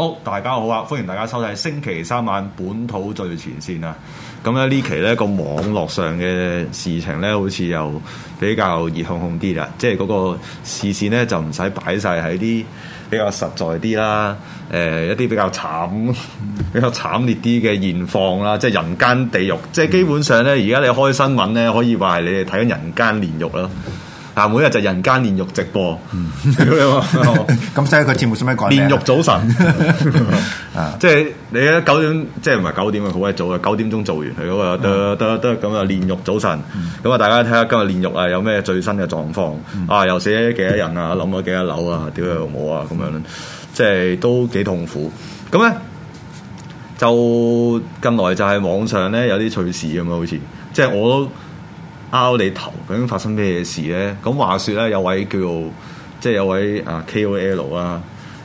好，大家好啊！歡迎大家收睇星期三晚本土最前線啊！咁咧呢期呢個網絡上嘅事情呢，好似又比較熱烘烘啲啦，即係嗰個視線呢就唔使擺晒喺啲比較實在啲啦，誒、呃、一啲比較慘、比較慘烈啲嘅現況啦，即係人間地獄，即係基本上呢，而家你開新聞呢，可以話係你哋睇緊人間煉獄啦。嗱，每日就人間煉獄直播，咁所以個節目做咩講？煉獄早晨，啊，即係你咧九點，即係唔係九點啊？好鬼早啊！九點鐘做完佢嗰個，得得得咁啊！煉獄早晨，咁啊，大家睇下今日煉獄啊有咩最新嘅狀況啊？又死幾多人啊？冧咗幾多樓啊？點樣冇啊？咁樣，即係都幾痛苦。咁咧就近來就係網上咧有啲趣事咁啊，好似即係我。都。拗你頭究竟發生咩事咧？咁話説咧，有位叫做即係有位啊 KOL 啊，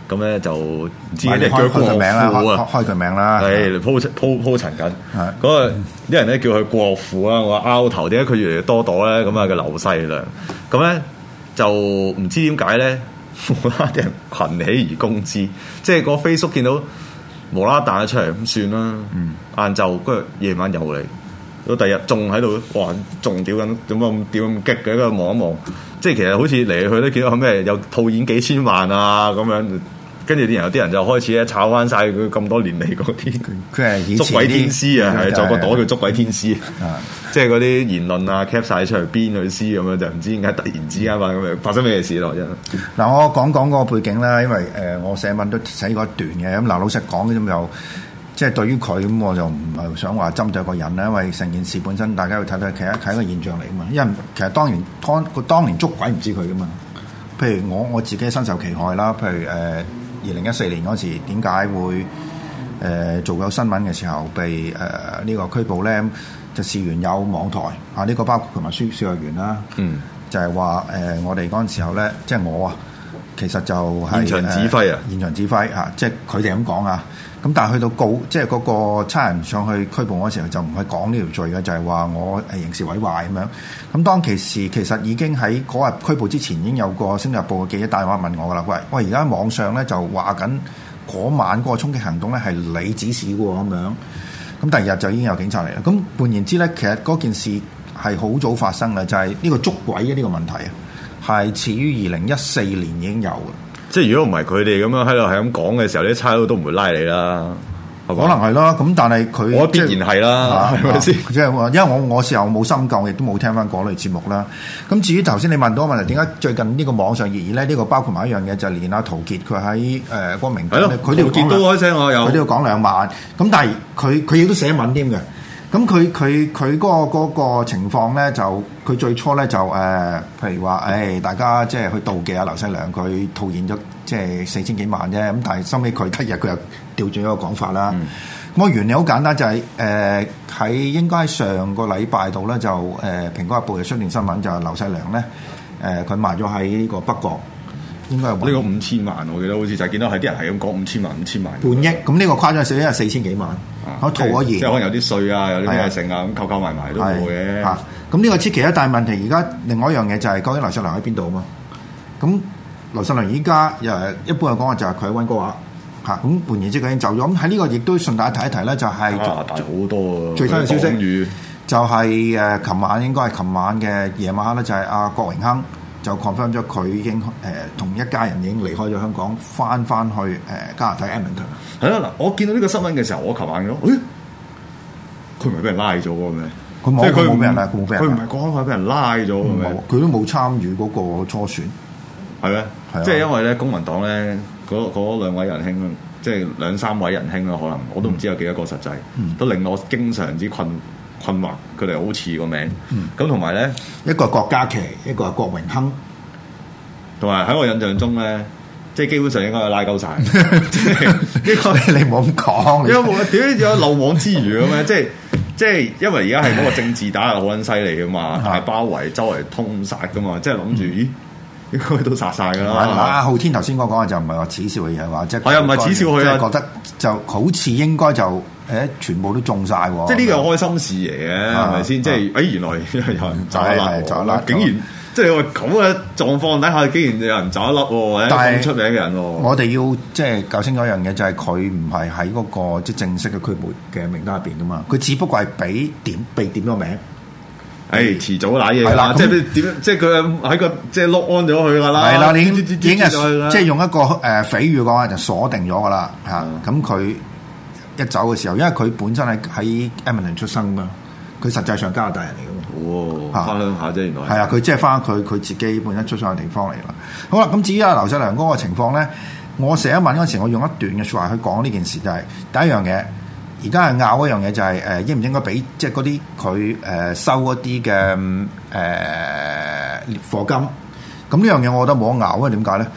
咁咧就唔知你佢叫國父啊，開佢名啦，嚟鋪陳鋪鋪陳緊。嗰個啲人咧叫佢國父啊，我拗頭點解佢越嚟越多朵咧？咁啊叫劉細良。咁咧就唔知點解咧，無啦啲人群起而攻之，即係個 Facebook 見到無啦啦彈咗出嚟，咁算啦。晏晝跟住夜晚又嚟。到第日仲喺度，哇！仲屌緊，點解咁屌咁激嘅？喺度望一望，即係其實好似嚟去都見到咩？有套現幾千萬啊咁樣，跟住啲人有啲人就開始咧炒翻晒佢咁多年嚟嗰啲，佢係捉鬼天師啊，係就個朵叫捉鬼天師啊，即係嗰啲言論啊，cap 晒出嚟鞭佢屍咁樣，就唔知點解突然之間咁樣發生咩事咯、啊？因、啊、嗱，我講講個背景啦，因為誒、呃、我寫文都寫過一段嘅，咁嗱老實講咁又。即係對於佢咁，我就唔係想話針對個人咧，因為成件事本身大家會睇到，其實係一個現象嚟啊嘛。因為其實當然當當年捉鬼唔知佢噶嘛。譬如我我自己身受其害啦，譬如誒二零一四年嗰時點解會誒、呃、做咗新聞嘅時候被誒呢、呃這個拘捕咧，就事緣有網台啊，呢、這個包括同埋宣宣傳員啦，嗯就，就係話誒我哋嗰陣時候咧，即係我啊，其實就係、是、現場指揮啊，現場指揮嚇、啊，即係佢哋咁講啊。咁但係去到告，即係嗰個差人上去拘捕我嘅時候，就唔去講呢條罪嘅，就係話我刑事毀壞咁樣。咁當其時其實已經喺嗰日拘捕之前已經有個《星島日報》嘅記者打電話問我噶啦，喂喂，而家網上咧就話緊嗰晚嗰個衝擊行動咧係你指使喎咁樣。咁第二日就已經有警察嚟啦。咁換言之咧，其實嗰件事係好早發生嘅，就係呢個捉鬼嘅呢個問題係始於二零一四年已經有即係如果唔係佢哋咁樣喺度係咁講嘅時候，啲差佬都唔會拉你啦，係咪？可能係啦，咁但係佢我必然係啦，係咪先？即係因為我我時候冇深究，亦都冇聽翻嗰類節目啦。咁至於頭先你問到問題，點解最近呢個網上熱議咧？呢個包括埋一樣嘢，就係連阿陶傑佢喺誒光明，佢哋吧見到開聲、啊，我又佢都要講兩晚。咁有但係佢佢亦都寫文添嘅。咁佢佢佢嗰個情況咧，就佢最初咧就誒、呃，譬如話，誒、哎、大家即、就、係、是、去妒忌阿、啊、劉細良，佢套現咗即係四千幾萬啫。咁但係收尾佢今日佢又調轉一個講法啦。咁個、嗯、原理好簡單、就是，就係誒喺應該喺上個禮拜度咧，就、呃、誒《蘋果日報》嘅商完新聞就，就係劉細良咧，誒佢賣咗喺呢個北角。呢個五千萬，億我記得好似就見到係啲人係咁講五千萬，五千萬。半億咁呢個誇張少少，四千幾萬。啊，可吐可熱，惰即係可能有啲稅啊，有啲咩成啊，咁、啊、扣扣埋埋都冇嘅。嚇、啊！咁、嗯、呢、啊、個初其一大問題，而家另外一樣嘢就係究竟、呃、劉細良喺邊度啊嘛。咁劉細良依家又一般嚟講話就係佢喺溫哥華嚇。咁換言之佢已經就，就咁喺呢個亦都順帶一提一提咧、就是，就係啊，大咗好多最新消息，就係、是、誒、啊，琴晚應該係琴晚嘅夜晚咧，就係阿郭榮鏗。就 confirm 咗佢已經誒、呃、同一家人已經離開咗香港，翻翻去誒、呃、加拿大 Edmonton。係啦，嗱，我見到呢個新聞嘅時候，我琴晚嘅咦，佢唔係俾人拉咗嘅咩？佢冇冇俾人，佢唔係講開俾人拉咗，佢都冇參與嗰個初選，係咩？即係因為咧，公民黨咧，嗰兩位仁兄，即係兩三位仁兄啦，可能我都唔知有幾多個實際，嗯、都令我經常之困困惑，佢哋好似個名，咁同埋咧，一個係郭家麒，一個係郭榮鏗，同埋喺我印象中咧，即係基本上應該拉鳩晒，呢 個 你冇咁講，有冇點有漏網之魚咁咧？即係即係，因為而家係嗰個政治打壓好撚犀利噶嘛，大包圍，周圍通殺噶嘛，即係諗住咦？應該 都殺晒噶啦。阿浩天頭先講講嘅就唔係話恥笑佢，係話即係覺得就好似應該就誒、欸、全部都中晒喎。即係呢個開心事嚟嘅，係咪先？即係誒，原來有人走甩，走甩、啊，啊啊啊啊、竟然即係咁嘅狀況底下，竟然有人走甩喎。欸、但係是出名嘅人喎、啊。我哋要即係搞清楚一樣嘢，就係佢唔係喺嗰個即係正式嘅拘捕嘅名單入邊噶嘛。佢只不過係俾點俾點咗名。誒，遲、嗯、早揦嘢係啦，即係點樣？即係佢喺個即係 lock on 咗佢噶啦，係啦，已經已經係啦。即係用一個誒，比喻講話就鎖定咗噶啦，吓咁佢一走嘅時候，因為佢本身係喺 Edmonton 出生噶，佢實際上加拿大人嚟噶。哦，翻鄉的下啫，原來係啊，佢即係翻佢佢自己本身出生嘅地方嚟啦。好啦，咁至於阿劉細良嗰個情況咧，我成日問嗰陣時，我用一段嘅說話去講呢件事、就是，就係第一樣嘢。而家係拗一樣嘢就係誒應唔應該俾即係嗰啲佢誒收一啲嘅誒課金，咁呢樣嘢我覺得冇得拗啊！點解咧？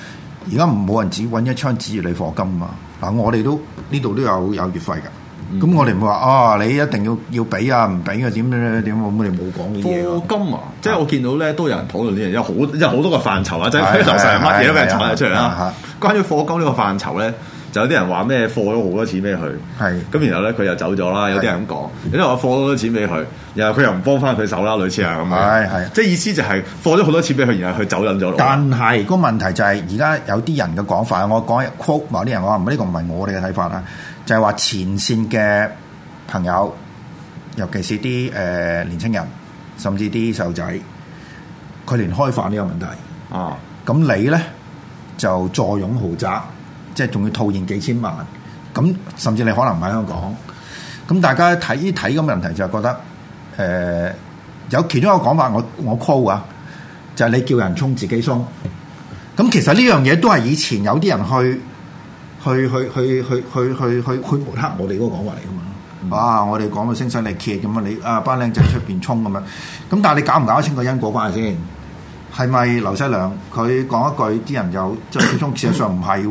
而家唔冇人指揾一槍指住你課金啊！嗱，我哋都呢度都有有月費㗎，咁我哋唔會話啊你一定要要俾啊，唔俾嘅點點點，我哋冇講嘅嘢，課金啊，即係我見到咧都有人討論呢樣，有好有好多個範疇啊，即係常先乜嘢都俾人查得出嚟啊！關於課金呢個範疇咧。就有啲人話咩放咗好多錢俾佢，咁係然後咧佢又走咗啦。有啲人咁講，啲為我放咗好多錢俾佢，然後佢又唔幫翻佢手啦，類似係咁樣。係係，即係意思就係放咗好多錢俾佢，然後佢走人咗落。但係個問題就係而家有啲人嘅講法，我講一 quote 某啲人，我話唔係呢個唔係我哋嘅睇法啦，就係、係、話前線嘅朋友，尤其是啲誒年青人，甚至啲細路仔，佢連開飯呢有問題啊。咁你咧就坐擁豪宅。即係仲要套現幾千萬，咁甚至你可能唔喺香港，咁大家睇睇個問題就係覺得，誒、呃、有其中一個講法我，我我 call 啊，就係、是、你叫人衝自己鬆，咁其實呢樣嘢都係以前有啲人去去去去去去去去去去抹黑我哋嗰個講話嚟噶嘛，哇、啊！我哋講到聲嘶力竭咁啊，你啊班靚仔出邊衝咁啊，咁但係你搞唔搞得清個因果關係先？係咪劉細良？佢講一句，啲人就，即係始終事實上唔係，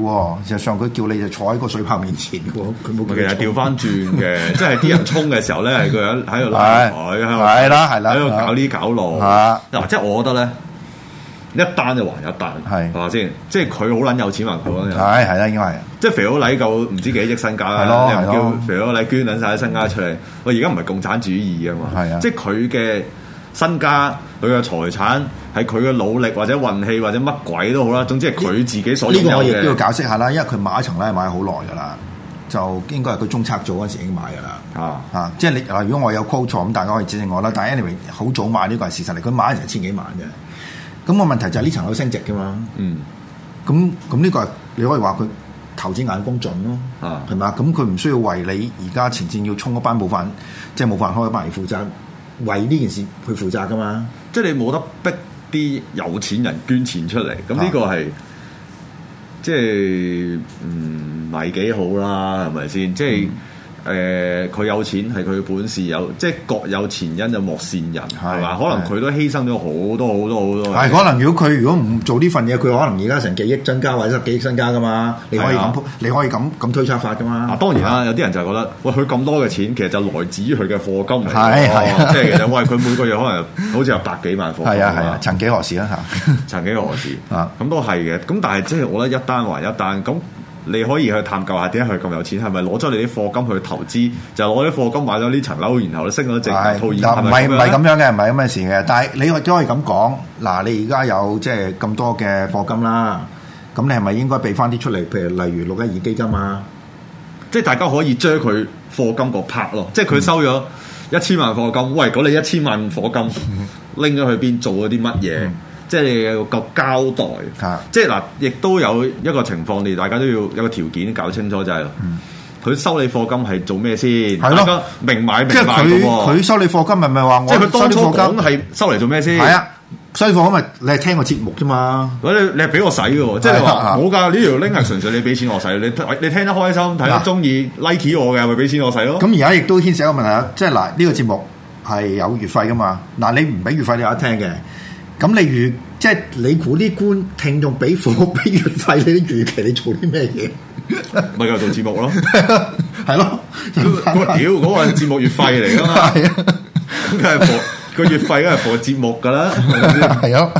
事實上佢叫你就坐喺個水炮面前。佢冇其實掉翻轉嘅，即係啲人衝嘅時候咧，係佢喺喺度拉佢係嘛，喺度搞呢搞路。嗱，即係我覺得咧，一單就還一單，係係咪先？即係佢好捻有錢還佢咯，係係啦，應該係。即係肥佬禮夠唔知幾億身家啦，你又叫肥佬禮捐捻晒身家出嚟。我而家唔係共產主義啊嘛，即係佢嘅。身家佢嘅財產係佢嘅努力或者運氣或者乜鬼都好啦，總之係佢自己所有嘅。呢個我亦都要解釋下啦，因為佢買一層咧買好耐噶啦，就應該係佢中策組嗰時已經買噶啦。啊啊，即係你嗱，如果我有 quote 錯咁，大家可以指正我啦。但係 anyway，好早買呢個係事實嚟，佢買成千幾萬嘅。咁個問題就係呢層樓升值嘅嘛。嗯。咁咁呢個你可以話佢投資眼光準咯。啊。係嘛？咁佢唔需要為你而家前線要衝一班冇飯，即係冇飯開嘅班而負責。為呢件事去負責㗎嘛？即係你冇得逼啲有錢人捐錢出嚟，咁呢、啊、個係即係唔係幾好啦？係咪先？即係。嗯誒，佢、呃、有錢係佢本事有，即係各有前因有莫羨人，係嘛是？可能佢都犧牲咗好多好多好多的。係，可能如果佢如果唔做呢份嘢，佢可能而家成幾億身家，或者十幾億身家噶嘛？你可以咁的，你可以咁咁推測法噶嘛？嗱、啊，當然啦，的有啲人就係覺得，喂，佢咁多嘅錢，其實就來自於佢嘅課金嚟，係係，哦、即係其實喂，佢每個月可能好似有百幾萬課金。係啊係啊，曾幾何時啊吓， 曾幾何時啊？咁 都係嘅，咁但係即係我覺得一單還一單咁。你可以去探究下點解佢咁有錢，係咪攞咗你啲課金去投資，就攞啲課金買咗呢層樓，然後咧升咗值套現？唔係唔係咁樣嘅，唔係咁嘅事嘅。但係你都可以咁講，嗱，你而家有即係咁多嘅課金啦，咁你係咪應該畀返啲出嚟？譬如例如六一二基金啊，即係大家可以將佢課金個 part 咯，即係佢收咗一千萬課金，嗯、喂，嗰你一千萬課金拎咗、嗯、去邊，做咗啲乜嘢？即係你有個交代，的即係嗱，亦都有一個情況，你大家都要有個條件搞清楚就係、是，佢、嗯、收你課金係做咩先？係咯的，明買明賣即係佢佢收你課金,金，咪咪話我你課金係收嚟做咩先？係啊，收課金咪你係聽個節目啫嘛。嗰啲你係俾我使嘅喎，的即係話冇㗎呢條 link 係純粹你俾錢我使，你你聽得開心睇得中意 like 我嘅，咪俾的錢我使咯。咁而家亦都牽涉一個問題啊，即係嗱呢個節目係有月費㗎嘛？嗱你唔俾月費你有得聽嘅。咁例如，即係你估啲官聽眾俾屋、俾月費，你預期你做啲咩嘢？咪又做節目咯，係咯？屌，嗰個係節目月費嚟噶嘛？咁梗係俾個月費，梗係俾節目噶啦，係咯？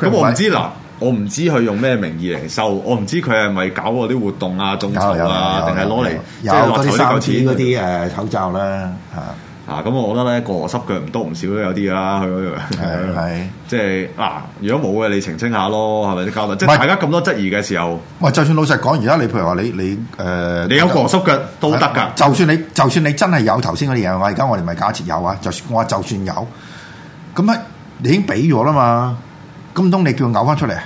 咁我唔知嗱，我唔知佢用咩名義嚟收，我唔知佢係咪搞嗰啲活動啊，眾籌啊，定係攞嚟即係攞台啲錢嗰啲誒口罩啦吓。啊，咁我覺得咧，過濕腳唔多唔少都有啲啦，去嗰度，係即係嗱、啊，如果冇嘅，你澄清下咯，係咪啲交代？即係大家咁多質疑嘅時候，喂，就算老實講，而家你譬如話你你誒，你，你、呃、你有過濕腳都得㗎，就算你就算你真係有頭先嗰啲嘢，我而家我哋咪假設有啊，就算我話就算有，咁啊，你已經俾咗啦嘛，咁唔通你叫佢嘔翻出嚟？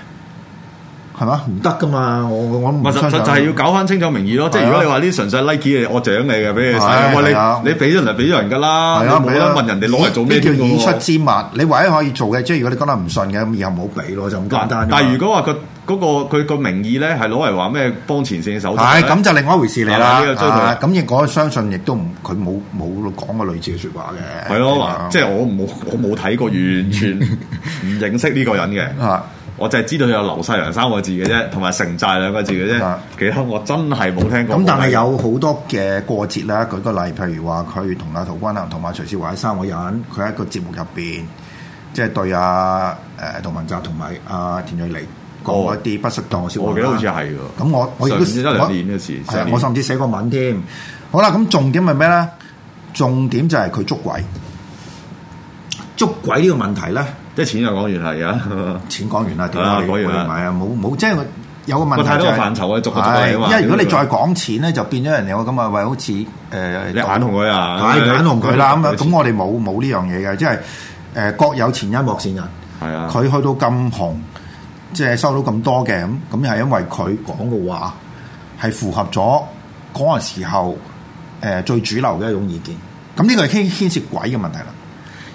係嘛？唔得噶嘛！我我唔。唔實實就係要搞翻清楚名義咯。即係如果你話呢純粹 Nike 嘅，我獎你嘅俾你使。你你俾咗人，俾咗人噶啦。冇啦，問人哋攞嚟做咩嘅喎？已出之物，你唯一可以做嘅。即係如果你講得唔順嘅，咁以後唔好俾咯，就咁簡單。但係如果話個嗰佢個名義咧，係攞嚟話咩幫前線嘅手？係咁就另外一回事嚟啦。咁亦我相信亦都唔佢冇冇講過類似嘅説話嘅。係咯，即係我冇我冇睇過，完全唔認識呢個人嘅。我就係知道有劉細良三個字嘅啫，同埋城寨兩個字嘅啫，嗯、其他我真係冇聽過。咁、嗯、但係有好多嘅過節啦，舉個例，譬如話佢同阿陶君行同埋徐少華喺三個人，佢喺一個節目入邊，即係對阿、啊、誒、呃、杜汶澤同埋阿田蕊妮講、哦、一啲不適當嘅笑話啦。我記得好似係㗎。咁我我亦都試咗兩年嗰時，我甚至寫過文添、嗯。好啦，咁重點係咩咧？重點就係佢捉鬼，捉鬼呢個問題咧。即係錢就講完係啊， 錢講完啦，屌你！唔係啊，冇冇，即係有個問題、就係，範疇逐個逐個逐個啊，因為如果你再講錢咧，樣就變咗人有咁、呃、啊，為好似誒眼紅佢啊，眼眼紅佢啦咁樣。咁我哋冇冇呢樣嘢嘅，即係誒各有前因莫羨人。係啊，佢去到咁紅，即係收到咁多嘅咁，咁又係因為佢講嘅話係符合咗嗰陣時候誒、呃、最主流嘅一種意見。咁呢個係牽牽涉鬼嘅問題啦。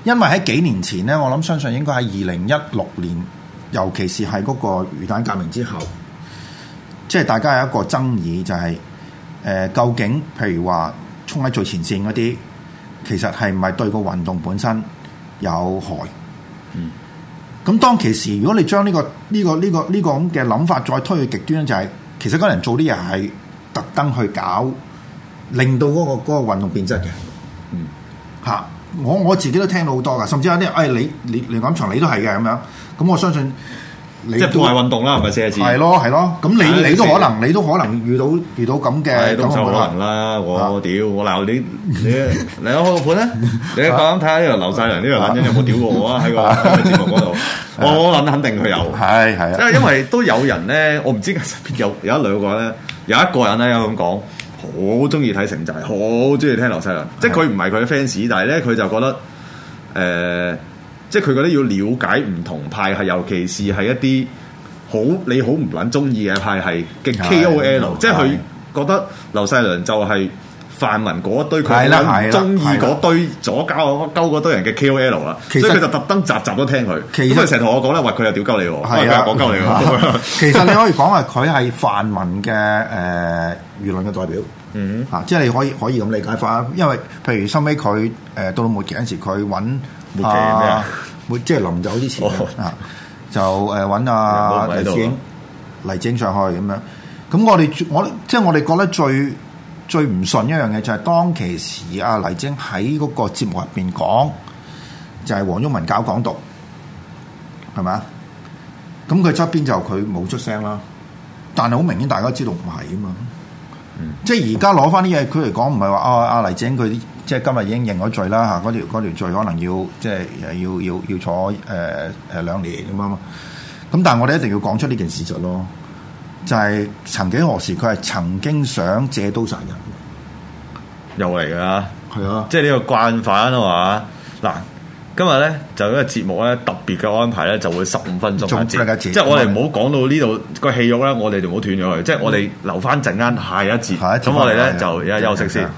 因為喺幾年前呢，我諗相信應該喺二零一六年，尤其是係嗰個魚蛋革命之後，即係大家有一個爭議、就是，就係誒究竟，譬如話衝喺最前線嗰啲，其實係唔係對個運動本身有害？嗯。咁當其時，如果你將呢、這個呢、這個呢、這個呢、這個咁嘅諗法再推去極端、就是，就係其實嗰啲人做啲嘢係特登去搞，令到嗰、那個嗰、那個運動變質嘅。嗯。嚇、啊！我我自己都聽到好多噶，甚至有啲誒，你你梁錦祥你都係嘅咁樣，咁我相信，即係都係運動啦，係咪四字？係咯係咯，咁你你都可能你都可能遇到遇到咁嘅咁嘅。可能啦，我屌我鬧你你你開個盤咧？你啱膽睇下呢個劉細良呢個男人有冇屌過我啊？喺個節目嗰度，我諗肯定佢有。係係，即係因為都有人咧，我唔知係邊有有一兩個咧，有一個人咧有咁講。好中意睇城寨，好中意聽劉細良。即係佢唔係佢嘅 fans，但係呢，佢就覺得，誒、呃，即係佢覺得要了解唔同派系，係尤其是係一啲好你好唔撚中意嘅派系 OL，係嘅 KOL。即係佢覺得劉細良就係、是。泛民嗰堆佢揾中意嗰堆左膠勾嗰堆人嘅 K O L 啦，所以佢就特登集集都聽佢。咁佢成日同我講咧，話佢又屌鳩你喎，係啊，講鳩你啊！其實你可以講話佢係泛民嘅誒輿論嘅代表，嗯啊，即係你可以可以咁理解翻，因為譬如收尾佢誒到到末期嗰陣時，佢揾啊，末即係臨走之前啊，就誒揾阿黎正上去咁樣，咁我哋我即係我哋覺得最。最唔順一樣嘢就係、是、當其時，阿黎智英喺嗰個節目入邊講，就係、是、黃毓民搞港獨，係咪啊？咁佢側邊就佢冇出聲啦。但係好明顯，大家知道唔係啊嘛。嗯、即係而家攞翻啲嘢，佢嚟講唔係話啊啊黎智英佢即係今日已經認咗罪啦嚇，嗰條，條罪可能要即係要要要坐誒誒、呃、兩年咁樣嘛。咁但係我哋一定要講出呢件事實咯。就係曾幾何時佢係曾經想借刀殺人又嚟噶，係啊，即係呢個慣犯啊嘛。嗱，今日咧就呢個節目咧特別嘅安排咧，就會十五分鐘一節，一節即係我哋唔好講到、嗯、呢度個戲肉咧，我哋就唔好斷咗佢，嗯、即係我哋留翻陣間下一節，咁我哋咧就而家休息先。